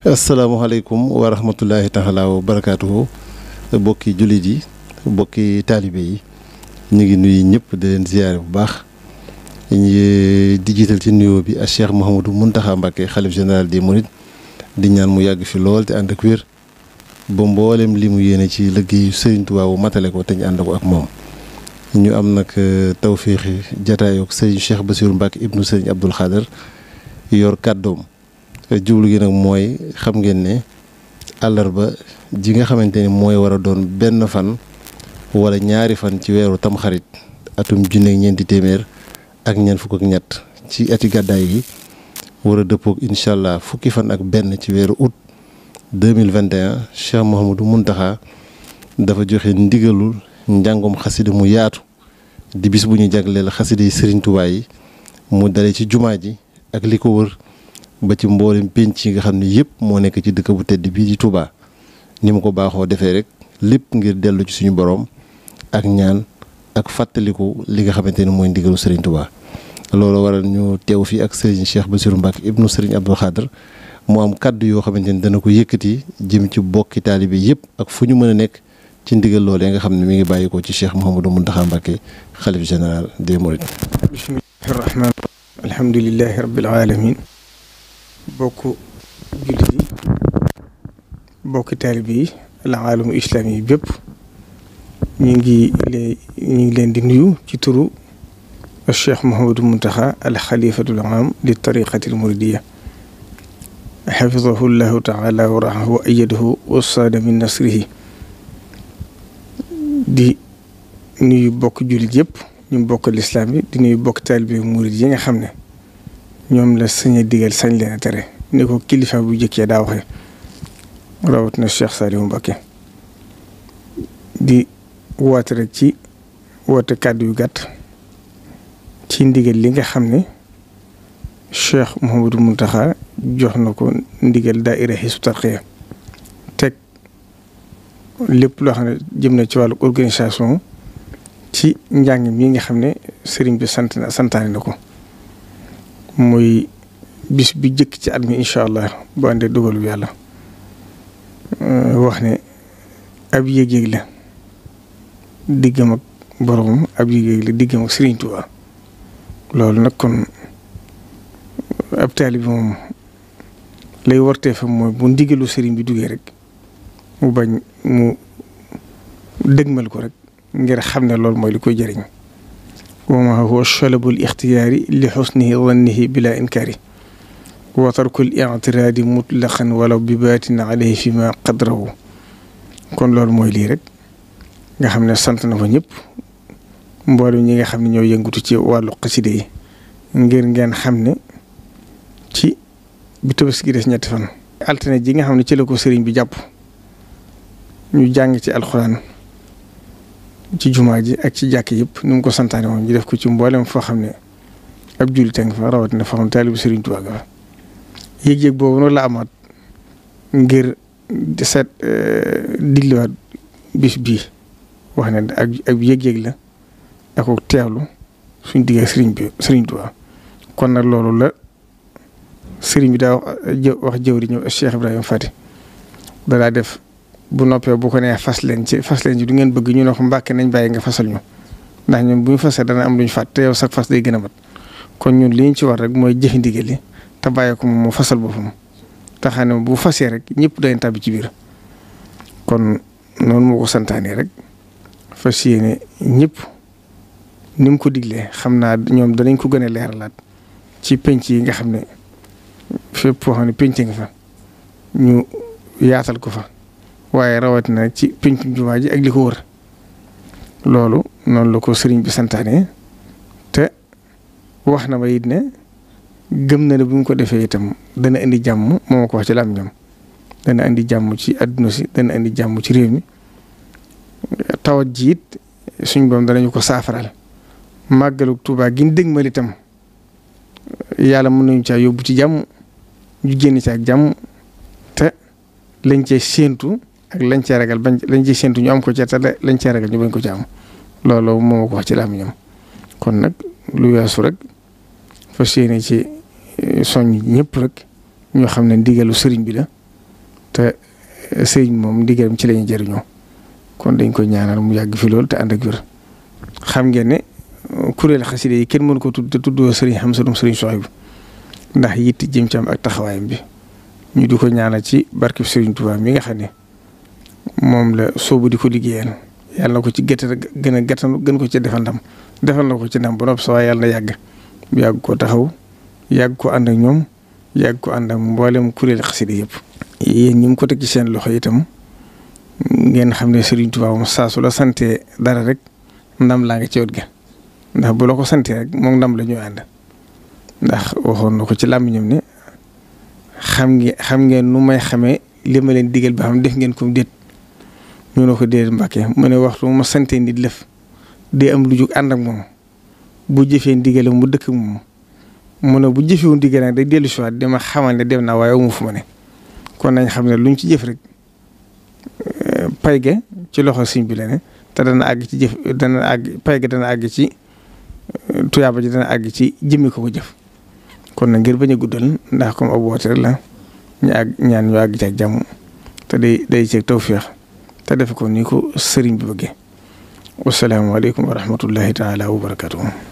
asalaamaaleykum wa rahmatullahi taala wa barakaatuhu bokki jullit yi bokki taalibe yi ñu ngi nuyu ñëpp di leen ziyaare bu baax ñu di jiital ci nuyoo bi ak Cheikh Mouhamadou Mountakha Mbacké xalif général des mourides di ñaan mu yàgg fi lool te ànd ak wér ba mboolem li mu yéene ci liggéeyu Serigne Touba wu matale ko te ñu ànd ko ak moom ñu am nag tawféexi jataayook Serigne Cheikh Bassirou Mbacké ibnu Serigne Abdoul Khader yor kàddoom jublu gi nak moy xam ngeen ne alarba ji nga xamanteni moy wara doon ben fan wala ñaari fan ci tam xarit atum jinné ñenti témèr ak ñen fuk ak ñett ci ati gàddaay yi wara deppok inshallah fukki fan ak ben ci wéru août 2021 Cheikh mohamoudou muntaha dafa joxe ndigalul njangum xasida mu yaatu di bis buñu jaglél jagleel Serigne Touba yi mu dalé ci jumaaji ak liko wër ba ci mbolim pénc yi nga xamni ne yëpp moo nekk ci dëkk bu tedd bi di Touba ni mu ko baxo defé rek lépp ngir dellu ci suñu borom ak ñaan ak fàttaliku li nga xamanteni moy mooy ndigalu Serigne Touba. loolu waral ñu tew fi ak Serigne Cheikh Bassirou mbak ibnu Serigne Abdou Khadr mo am kàddu yo xamanteni ni dana ko yëkëti jëm ci bokki talibi yëpp ak fuñu mëna nek ci ndigal lolé nga xamni mi ngi bayiko ci Cheikh Mouhamadou muntaha mbake xalif général des Mourides. bismillahi rahmaani rahim alhamdulillahi rabbil alamin بوكو جلدي بوكو تربي العالم الإسلامي بيب نيجي لين دي نيو الشيخ محمود المنتخى الخليفة العام للطريقة المريدية حفظه الله تعالى ورعاه وأيده وصاد من نصره دي نيو بوك جلدي بيب نيو بوك الإسلامي دي نيو بوك تربي مريدي يعني خمنا ñoom la sañ digal sañ leen a tere ni ko kilifa bu jëkkee daa waxe rawat na Cheikh Saliou Mbacké di woote ci woote kàddu yu gat ci ndigal li nga xam ne Cheikh Mouhamadou taxa jox na ko ndigal daaira Hizbut Tarqiyyah teg lépp loo xam ne jëm na ci wàllu organisation ci njàng mi nga xam ne sëriñ bi sant na santaane na ko muy bis bi jëkk ci at mi incha allah bu àndee dogalu yàlla euh, wax ne ab yéeg-yéeg la diggam ak boromam ab yéeg-yéeg la diggam ak Serigne loolu nag kon ab taalibe moom lay wartee fa mooy bu ndigalu Serigne bi duggee rek mu bañ mu dëgmal ko rek ngir xam ne loolu mooy li koy jëriñ. وما هو الشلب الاختياري لحسن ظنه بلا إنكاره وترك الاعتراض مطلقا ولو ببات عليه فيما قدره kon loolu mooy lii rek nga xam ne sant na fa ñëpp mboolem ñi nga xam ne ñoo yëngatu ci wàllu xaside yi ngir ngeen xam ne ci bi Tabaski gi des ñetti fan. altine ji nga xam ne ci la ko sëriñ bi jàpp ñu jàng ci alxuraan. ci jumaa ji ak ci jàkk yëpp nu mu ko santaane moom ñu def ko ci mbooleem foo xam ne ak jullit a ngi fa rawatina foo xam ne taalibu Serigne Touba ga fa ngir seet euh, digliwaat bis bii wax ne ak ak yëg-yëg la ak teewlu suñ diggee Serigne bi Serigne Touba kon nag loolu la Serigne bi daa wax jëw di ñëw Fati da def. bu noppee bu ko nee fas leen ci fas leen ci du ngeen bëgg ñu ne ko mbàkke nañ bàyyi nga fasal ñu ndax ñun bu ñu fasee dana am lu ñu fàtte te yow sax fas day gën a mat kon ñun li ñu ci war rek mooy jëfe ndigal li te bàyyi ko mu fasal boppam te xam ne bu fasee rek ñëpp dañ ci biir kon noonu moo ko rek fas yéene ñëpp ni mu ko diglee xam naa ñoom danañ ko gën a leeralaat ci penc yi nga xam ne fépp foo xam ne penc nga fa ñu yaatal ko fa. waaye rawatina ci pencum jumaa ji ak li ko wër loolu noonu la ko sëriñ bi santaane te wax na ma it ne gëm na ne bu ñu ko defee itam dana indi jàmm moo ko wax ci làmmiñam dana indi jàmm ci àdduna si dana indi jàmm ci réew mi tawat jiit it suñ boom danañu ko saafaral màggalu Tuubaa gi ñu dégmal itam yàlla mën nañu caa yóbbu ci jàmm ñu génn ci ak jàmm te lañ cee séentu ak lañ cee ragal bañ lañ ci séntu ñu am ko ca te lañ cee ragal ñu bañ ko ca am loolu moo ko ci laam ñoom kon nag lu weesu rek fas yéene ci eh, soññ ñëpp rek ñoo xam ne ndigalu sëriñ bi la te eh, sëriñ moom ndigalam ci lañu jëriñoo kon dañ ko ñaanal mu yàgg fi loolu te ànd ak wér xam ngeen ne eh, kuréel xaside yi kenn mënu ko tudd te tuddoo sëriñ Hamza dum sëriñ Soxibu ndax yitt jëm ci ak taxawaayam bi ñu di ko ñaanal ci barkeb sëriñ Tuubaa mi nga xam ne moom la soobu di ko liggéeyal yàlla na ko ci gerte gën a gertanu gën ko ci defal ndam defal na ko ci ndam ba noppi sa waaye yàlla na yàgg yàgg ko taxaw yàgg ko ànd ak ñoom yàgg ko ànd ak mboolem kuréel xasida yëpp. yéen ñi mu ko teg ci seen loxo itam ngeen xam ne Serigne Touba moom saa su la santee dara rek ndam laa nga ci wet gi ndax bu la ko santee rek moom ndam la ñuy ànd ndax waxoon na ko ci làmmiñam ne xam ngeen xam ngeen nu may xamee li ma leen digal bi xam def ngeen ko déet. ñu ne ko déedéet Mbàkke mu ne waxtu ma sante nit lëf day am lu jug ànd ak moom bu jëfee ndigale mu dëkk moom mu ne bu jëfewu ndigale day dellu si waat dama xamal ne dem na waaye amu fu ma ne kon nañ xam ne luñ ci jëf rek eh, pay ci loxo sëñ bi la ne te dana àgg ci jëf dana àgg pay ci eh, tuyaaba ji ko ko jëf kon na ngir bañ a guddal ndax comme ab woote la ñu àgg ñaan ñu àgg ci ak te day day ceeg tawféex te def ko ni ko sëriñ bi bëggee wasalaamaaleykum wa rahmatullahi taala wa barakatuhu